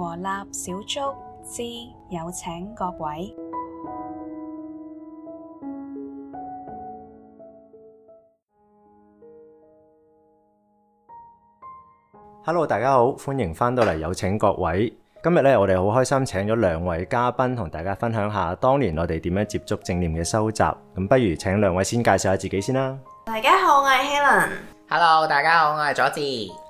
和立小築之有請覺位。Hello，大家好，歡迎翻到嚟有請覺位。今日咧，我哋好開心請咗兩位嘉賓同大家分享下當年我哋點樣接觸正念嘅收集。咁不如請兩位先介紹下自己先啦。大家好，我係 Helen。Hello，大家好，我係佐治。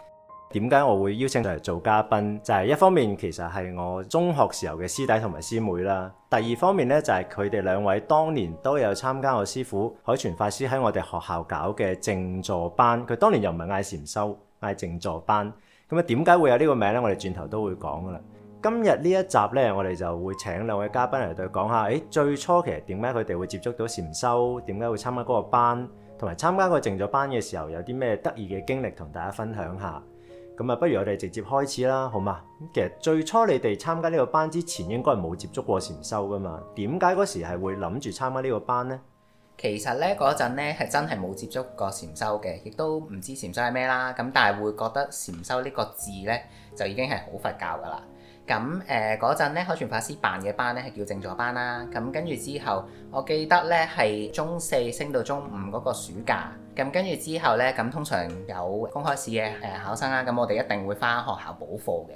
點解我會邀請佢嚟做嘉賓？就係一方面其實係我中學時候嘅師弟同埋師妹啦。第二方面咧就係佢哋兩位當年都有參加我師傅海全法師喺我哋學校搞嘅靜坐班。佢當年又唔係嗌禪修，嗌靜坐班。咁啊點解會有呢個名咧？我哋轉頭都會講噶啦。今日呢一集咧，我哋就會請兩位嘉賓嚟對講下。誒最初其實點解佢哋會接觸到禪修？點解會參加嗰個班？同埋參加個靜坐班嘅時候有啲咩得意嘅經歷，同大家分享下。咁啊，不如我哋直接開始啦，好嘛？其實最初你哋參加呢個班之前，應該係冇接觸過禪修㗎嘛？點解嗰時係會諗住參加呢個班呢？其實咧嗰陣咧係真係冇接觸過禪修嘅，亦都唔知禪修係咩啦。咁但係會覺得禪修呢個字咧，就已經係好佛教㗎喇。咁誒嗰陣咧，海全法師辦嘅班咧係叫靜坐班啦。咁跟住之後，我記得咧係中四升到中五嗰個暑假。咁跟住之後咧，咁通常有公開試嘅誒考生啦。咁我哋一定會翻學校補課嘅。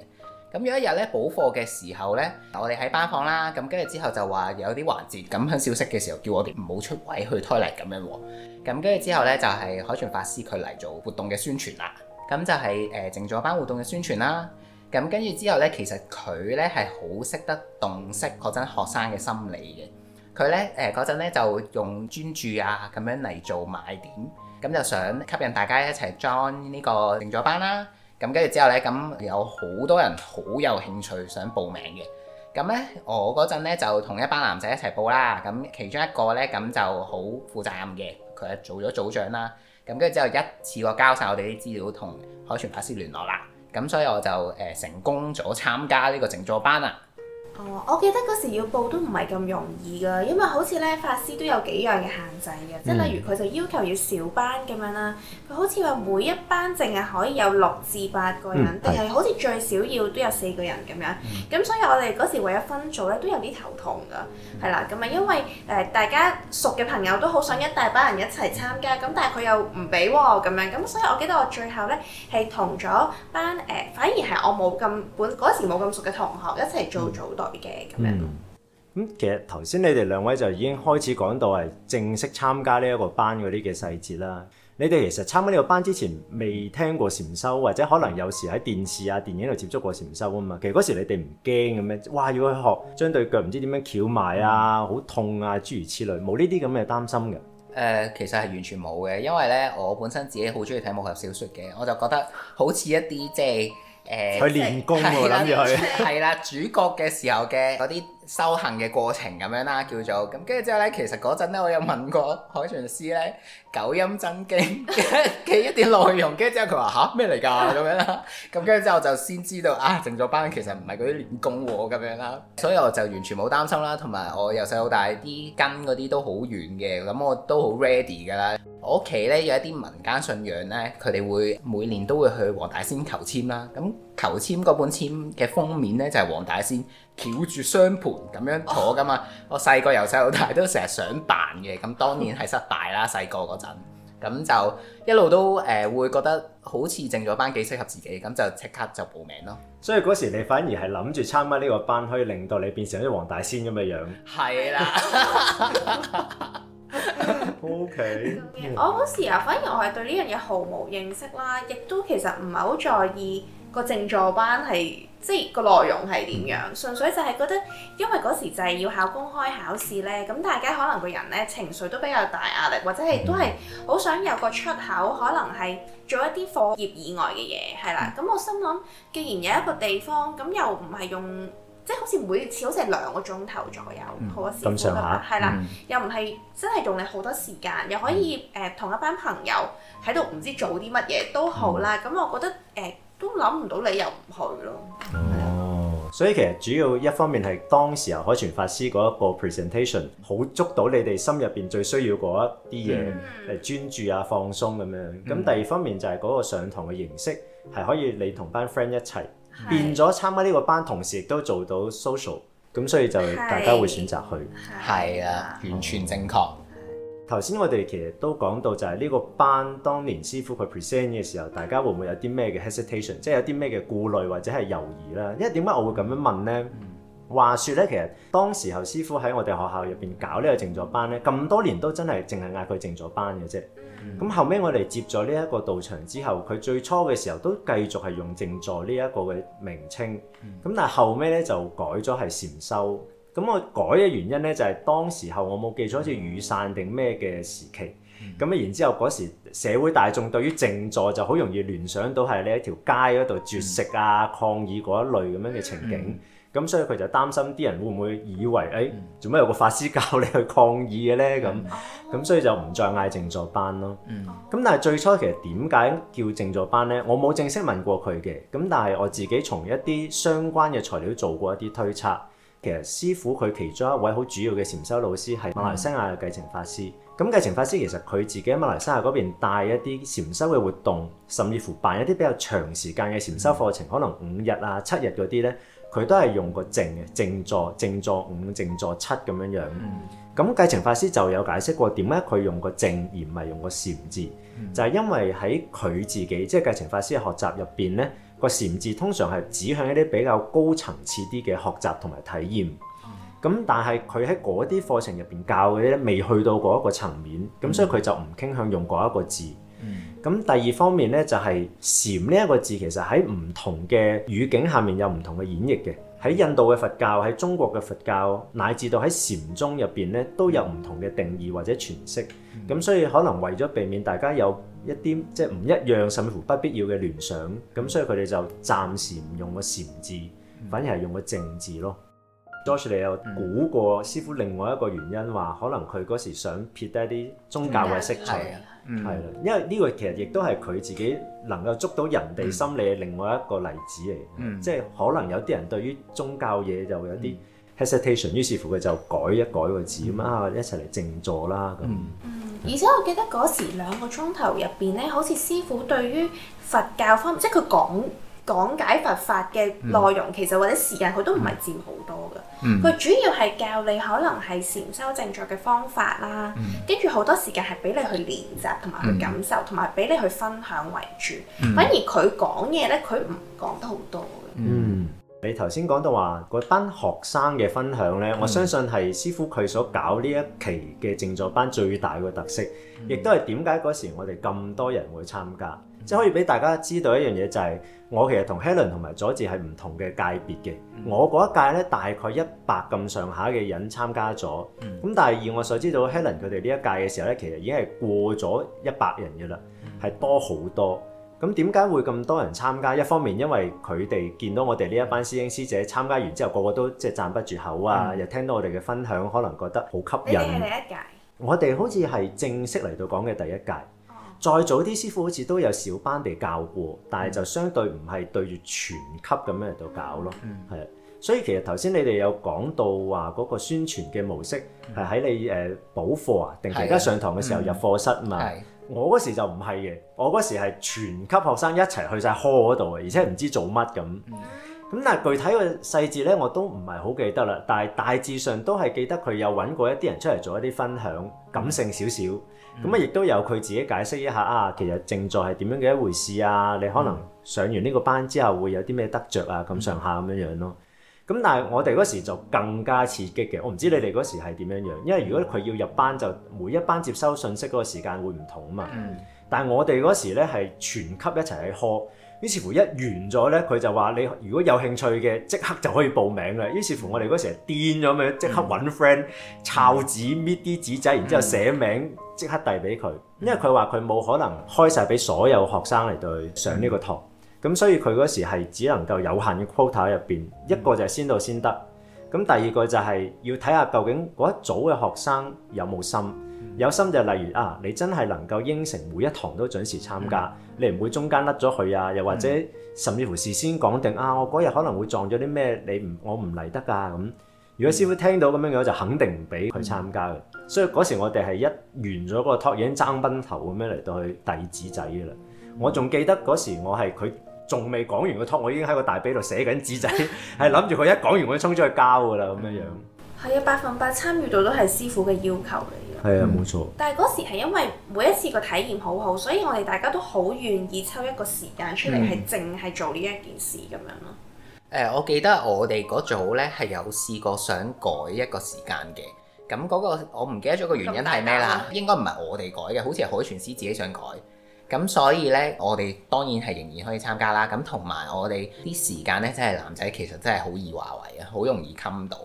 咁有一日咧補課嘅時候咧，我哋喺班房啦。咁跟住之後就話有啲環節咁響小息嘅時候，叫我哋唔好出位去 toilet 咁樣。咁跟住之後咧就係海全法師佢嚟做活動嘅宣傳啦。咁就係誒靜坐班活動嘅宣傳啦。咁跟住之後咧，其實佢咧係好識得洞悉嗰陣學生嘅心理嘅。佢咧誒嗰陣咧就用專注啊咁樣嚟做賣點，咁就想吸引大家一齊 join 呢個靜坐班啦。咁跟住之後咧，咁有好多人好有興趣想報名嘅。咁咧我嗰陣咧就同一班男仔一齊報啦。咁其中一個咧咁就好負責任嘅，佢係做咗組長啦。咁跟住之後一次過交晒我哋啲資料同海全法師聯絡啦。咁所以我就誒成功咗參加呢個靜坐班啦。哦，我記得嗰時要報都唔係咁容易㗎，因為好似咧法師都有幾樣嘅限制嘅，即係、嗯、例如佢就要求要小班咁樣啦，佢好似話每一班淨係可以有六至八個人，定係、嗯、好似最少要都有四個人咁樣，咁、嗯、所以我哋嗰時為咗分組咧都有啲頭痛㗎，係啦、嗯，咁啊因為誒、呃、大家熟嘅朋友都好想一大班人一齊參加，咁但係佢又唔俾喎咁樣，咁所以我記得我最後咧係同咗班誒、呃、反而係我冇咁本嗰時冇咁熟嘅同學一齊做組、嗯。嘅咁樣，咁、嗯、其實頭先你哋兩位就已經開始講到係正式參加呢一個班嗰啲嘅細節啦。你哋其實參加呢個班之前未聽過禪修，或者可能有時喺電視啊、電影度接觸過禪修啊嘛。其實嗰時你哋唔驚咁咩？哇！要去學將對腳唔知點樣翹埋啊，好、嗯、痛啊，諸如此類，冇呢啲咁嘅擔心嘅。誒、呃，其實係完全冇嘅，因為咧，我本身自己好中意睇武俠小說嘅，我就覺得好似一啲即係。就是誒、呃，佢 練功喎，諗住佢係啦，主角嘅時候嘅嗰啲。修行嘅過程咁樣啦，叫做咁跟住之後呢，其實嗰陣咧，我有問過海全師呢，《九陰真經》嘅 一啲內容，跟住之後佢話吓，咩嚟㗎咁樣啦，咁跟住之後我就先知道啊，靜坐班其實唔係嗰啲練功喎咁樣啦，所以我就完全冇擔心啦，同埋我由細到大啲根嗰啲都好軟嘅，咁、嗯、我都好 ready 㗎啦。我屋企呢，有一啲民間信仰呢，佢哋會每年都會去黃大仙求籤啦，咁、嗯。求籤嗰本籤嘅封面咧就係、是、黃大仙翹住雙盤咁樣坐噶嘛，oh. 我細個由細到大都成日想扮嘅，咁當然係失敗啦。細個嗰陣咁就一路都誒、呃、會覺得好似靜坐班幾適合自己，咁就即刻就報名咯。所以嗰時你反而係諗住參加呢個班，可以令到你變成啲黃大仙咁嘅樣。係是啦。O K，我嗰時啊，反而我係對呢樣嘢毫無認識啦，亦都其實唔係好在意。個靜坐班係即係個內容係點樣？嗯、純粹就係覺得，因為嗰時就係要考公開考試咧，咁大家可能個人咧情緒都比較大壓力，或者係都係好想有個出口，可能係做一啲課業以外嘅嘢，係啦。咁、嗯、我心諗，既然有一個地方，咁又唔係用即係好似每次好似兩個鐘頭左右，嗯、好多時咁係啦，又唔係真係用你好多時間，又可以誒同、嗯呃、一班朋友喺度唔知做啲乜嘢都好啦。咁我覺得誒。嗯嗯嗯都諗唔到你又唔去咯，係、哦、所以其實主要一方面係當時候海全法師嗰一個 presentation 好捉到你哋心入邊最需要嗰一啲嘢嚟專注啊、放鬆咁樣。咁第二方面就係嗰個上堂嘅形式係可以你同班 friend 一齊是變咗參加呢個班，同時亦都做到 social，咁所以就大家會選擇去，係啊，的完全正確。頭先我哋其實都講到就係呢個班當年師傅佢 present 嘅時候，大家會唔會有啲咩嘅 hesitation，即係有啲咩嘅顧慮或者係猶疑咧？因為點解我會咁樣問咧？嗯、話説咧，其實當時候師傅喺我哋學校入邊搞呢個靜坐班咧，咁多年都真係淨係嗌佢靜坐班嘅啫。咁、嗯、後尾我哋接咗呢一個道場之後，佢最初嘅時候都繼續係用靜坐呢一個嘅名稱，咁但係後尾咧就改咗係禪修。咁我改嘅原因咧，就係、是、當時候我冇記錯，好似雨傘定咩嘅時期。咁啊、嗯，然之後嗰時社會大眾對於靜坐就好容易聯想到係喺一條街嗰度絕食啊、嗯、抗議嗰一類咁樣嘅情景。咁、嗯、所以佢就擔心啲人會唔會以為誒做咩有個法師教你去抗議嘅咧？咁咁、嗯、所以就唔再嗌靜坐班咯。咁、嗯、但係最初其實點解叫靜坐班咧？我冇正式問過佢嘅。咁但係我自己從一啲相關嘅材料做過一啲推測。其實師傅佢其中一位好主要嘅禪修老師係馬來西亞嘅繼承法師，咁繼承法師其實佢自己喺馬來西亞嗰邊帶一啲禪修嘅活動，甚至乎辦一啲比較長時間嘅禪修課程，嗯、可能五日啊、七日嗰啲咧，佢都係用個靜嘅靜坐、靜坐五、靜坐七咁樣樣。咁、嗯、繼承法師就有解釋過點解佢用個靜而唔係用個禪字，嗯、就係因為喺佢自己即係繼承法師嘅學習入邊咧。個「禪」字通常係指向一啲比較高層次啲嘅學習同埋體驗，咁但係佢喺嗰啲課程入邊教嘅咧，未去到嗰一個層面，咁所以佢就唔傾向用嗰一個字。咁第二方面咧，就係「禪」呢一個字其實喺唔同嘅語境下面有唔同嘅演繹嘅。喺印度嘅佛教，喺中國嘅佛教，乃至到喺禪宗入邊咧，都有唔同嘅定義或者詮釋，咁所以可能為咗避免大家有一啲即係唔一樣甚至乎不必要嘅聯想，咁所以佢哋就暫時唔用個禪字，反而係用個靜字咯。George 你又估過師父另外一個原因話，可能佢嗰時想撇低啲宗教嘅色彩，係啦、嗯，因為呢個其實亦都係佢自己能夠捉到人哋心理嘅另外一個例子嚟，嗯、即係可能有啲人對於宗教嘢就會有啲 hesitation，嗯、於是乎佢就改一改個字，咁、嗯、啊一齊嚟靜坐啦咁。嗯，嗯而且我記得嗰時兩個鐘頭入邊咧，好似師父對於佛教方面，方即係佢講。講解佛法嘅內容其實或者時間佢都唔係佔好多嘅，佢、嗯、主要係教你可能係禪修正確嘅方法啦，跟住好多時間係俾你去練習同埋去感受，同埋俾你去分享為主，嗯、反而佢講嘢咧，佢唔講得好多。你頭先講到話嗰班學生嘅分享咧，嗯、我相信係師傅佢所搞呢一期嘅靜坐班最大嘅特色，亦都係點解嗰時我哋咁多人會參加，即係、嗯、可以俾大家知道一樣嘢就係，我其實同 Helen 同埋佐治係唔同嘅界別嘅，嗯、我嗰一屆咧大概一百咁上下嘅人參加咗，咁、嗯、但係以我所知道 Helen 佢哋呢一屆嘅時候咧，其實已經係過咗一百人嘅啦，係、嗯、多好多。咁點解會咁多人參加？一方面因為佢哋見到我哋呢一班師兄師姐參加完之後，個個都即係讚不絕口啊！嗯、又聽到我哋嘅分享，可能覺得好吸引。你哋係第一屆。我哋好似係正式嚟到講嘅第一屆。一屆嗯、再早啲師傅好似都有小班地教過，但係就相對唔係對住全級咁樣嚟到教咯，係、嗯。所以其實頭先你哋有講到話嗰個宣傳嘅模式係喺你誒、呃、補課啊，定係而家上堂嘅時候入課室嘛？嗯、我嗰時就唔係嘅，我嗰時係全級學生一齊去晒 hall 嗰度啊，而且唔知做乜咁。咁、嗯、但係具體嘅細節咧，我都唔係好記得啦。但係大致上都係記得佢有揾過一啲人出嚟做一啲分享，感性少少。咁啊、嗯，亦都有佢自己解釋一下啊，其實靜坐係點樣嘅一回事啊？你可能上完呢個班之後會有啲咩得着啊，咁上下咁樣樣咯。嗯咁但係我哋嗰時就更加刺激嘅，我唔知你哋嗰時係點樣樣，因為如果佢要入班就每一班接收信息嗰個時間會唔同啊嘛。但係我哋嗰時咧係全級一齊去學，於是乎一完咗咧，佢就話你如果有興趣嘅即刻就可以報名喇，於是乎我哋嗰時係癲咗咩，即刻揾 friend 抄紙搣啲紙仔，然之後寫名即刻遞俾佢，因為佢話佢冇可能開晒俾所有學生嚟對上呢個堂。咁所以佢嗰時係只能夠有限嘅 quota 入邊，一個就係先到先得，咁第二個就係要睇下究竟嗰一組嘅學生有冇心，有心就例如啊，你真係能夠應承每一堂都準時參加，你唔會中間甩咗佢啊，又或者甚至乎事先講定啊，我嗰日可能會撞咗啲咩，你唔我唔嚟得噶咁。如果師傅聽到咁樣嘅話就肯定唔俾佢參加嘅。所以嗰時我哋係一完咗個托已經爭崩頭咁樣嚟到去遞紙仔嘅啦。我仲記得嗰時我係佢，仲未講完個託，我已經喺個大髀度寫緊紙仔，係諗住佢一講完，我沖出去交噶啦咁樣樣。係啊， 百分百參與到都係師傅嘅要求嚟嘅。係啊，冇錯。但係嗰時係因為每一次個體驗好好，所以我哋大家都好願意抽一個時間出嚟，係淨係做呢一件事咁樣咯。誒、嗯呃，我記得我哋嗰組咧係有試過想改一個時間嘅，咁嗰個我唔記得咗個原因係咩、啊、啦？應該唔係我哋改嘅，好似係海全師自己想改。咁所以呢，我哋當然係仍然可以參加啦。咁同埋我哋啲時間呢，真係男仔其實真係好易話為啊，好容易冚到。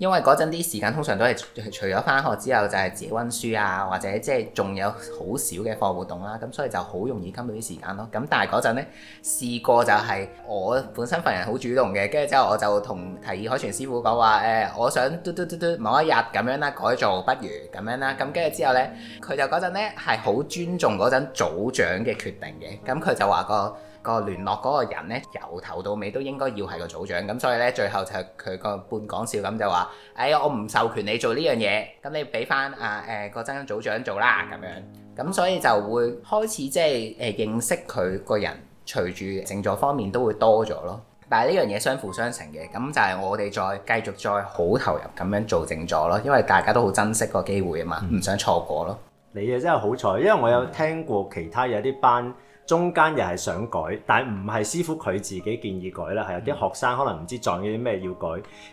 因為嗰陣啲時間通常都係除咗返學之後，就係、是、自己温書啊，或者即係仲有好少嘅課活動啦、啊，咁所以就好容易溝到啲時間咯、啊。咁但係嗰陣呢試過就係、是、我本身份人好主動嘅，跟住之後我就同提議海全師傅講話，誒、呃、我想嘟嘟嘟嘟某一日咁樣啦、啊、改做不如咁樣啦、啊，咁跟住之後呢，佢就嗰陣呢係好尊重嗰陣組長嘅決定嘅，咁佢就話、那個。個聯絡嗰個人咧，由頭到尾都應該要係個組長咁，所以咧最後就係佢個半講笑咁就話，哎我唔授權做你做呢樣嘢，咁你俾翻啊誒個真真組長做啦咁樣。咁所以就會開始即係誒認識佢個人，隨住靜坐方面都會多咗咯。但係呢樣嘢相輔相成嘅，咁就係我哋再繼續再好投入咁樣做靜坐咯，因為大家都好珍惜個機會啊嘛，唔想錯過咯。嗯、你啊真係好彩，因為我有聽過其他有啲班。中間又係想改，但係唔係師傅佢自己建議改啦，係有啲學生可能唔知撞咗啲咩要改，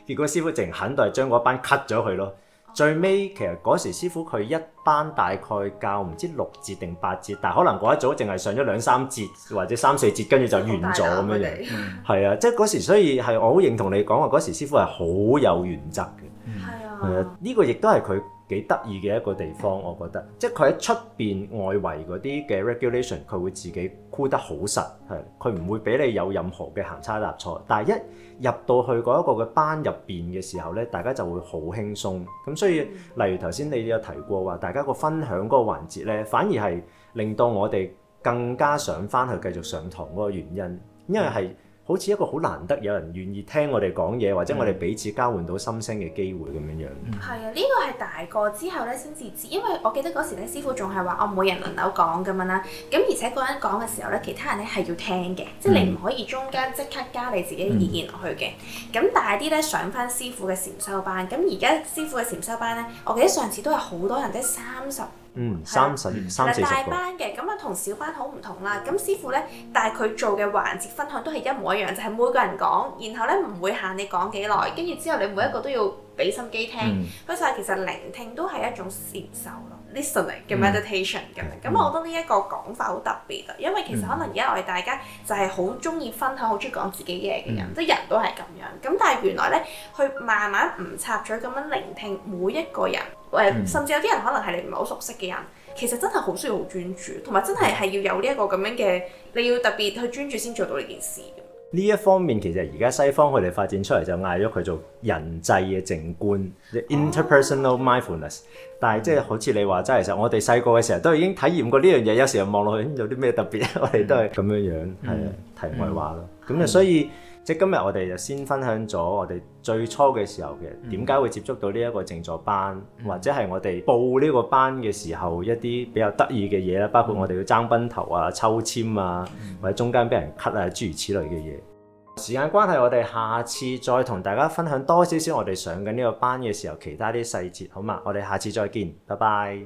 結果師傅淨係肯定係將嗰班 cut 咗佢咯。最尾其實嗰時師傅佢一班大概教唔知六節定八節，但係可能嗰一組淨係上咗兩三節或者三四節，跟住就完咗咁樣。係啊、嗯，即係嗰時所以係我好認同你講話嗰時師傅係好有原則嘅。係啊、嗯，呢個亦都係佢。幾得意嘅一個地方，我覺得，即係佢喺出邊外圍嗰啲嘅 regulation，佢會自己箍得好實，係佢唔會俾你有任何嘅行差踏錯。但係一入到去嗰一個嘅班入邊嘅時候咧，大家就會好輕鬆。咁所以，例如頭先你有提過話，大家個分享嗰個環節咧，反而係令到我哋更加想返去繼續上堂嗰個原因，因為係。好似一個好難得有人願意聽我哋講嘢，或者我哋彼此交換到心聲嘅機會咁樣樣。係啊，呢個係大個之後咧先至知，因為我記得嗰時咧師傅仲係話我每人輪流講咁樣啦。咁而且個人講嘅時候咧，其他人咧係要聽嘅，即係你唔可以中間即刻加你自己意見落去嘅。咁、嗯、大啲咧上翻師傅嘅禪修班，咁而家師傅嘅禪修班咧，我記得上次都係好多人，即係三十。嗯，三十、三四十個。嗱，大班嘅咁啊，同小班好唔同啦。咁師傅咧，但係佢做嘅環節分享都係一模一樣，就係、是、每個人講，然後咧唔會限你講幾耐，跟住之後你每一個都要俾心機聽。就係、嗯、其實聆聽都係一種練受咯。Listening 嘅 meditation 咁、嗯，咁我覺得呢一個講法好特別啊，因為其實可能而家我哋大家就係好中意分享，好中意講自己嘢嘅人，即係人都係咁樣。咁但係原來咧，去慢慢唔插嘴咁樣聆聽每一個人，誒，甚至有啲人可能係你唔係好熟悉嘅人，其實真係好需要好專注，同埋真係係要有呢一個咁樣嘅，你要特別去專注先做到呢件事。呢一方面，其實而家西方佢哋發展出嚟就嗌咗佢做人際嘅靜觀 the interpersonal mindfulness。Oh. Inter Mind fulness, 但係即係好似你話齋，其實我哋細個嘅時候都已經體驗過呢樣嘢，有時候望落去有啲咩特別，mm hmm. 我哋都係咁樣樣，係啊、mm hmm.，題外話咯。咁啊、mm，hmm. 就所以。Mm hmm. 即今日我哋就先分享咗我哋最初嘅時候嘅點解會接觸到呢一個靜坐班，嗯、或者係我哋報呢個班嘅時候一啲比較得意嘅嘢啦，嗯、包括我哋要爭崩頭啊、抽籤啊，嗯、或者中間俾人 cut 啊，諸如此類嘅嘢。嗯、時間關係，我哋下次再同大家分享多少少我哋上緊呢個班嘅時候其他啲細節好嗎？我哋下次再見，拜拜。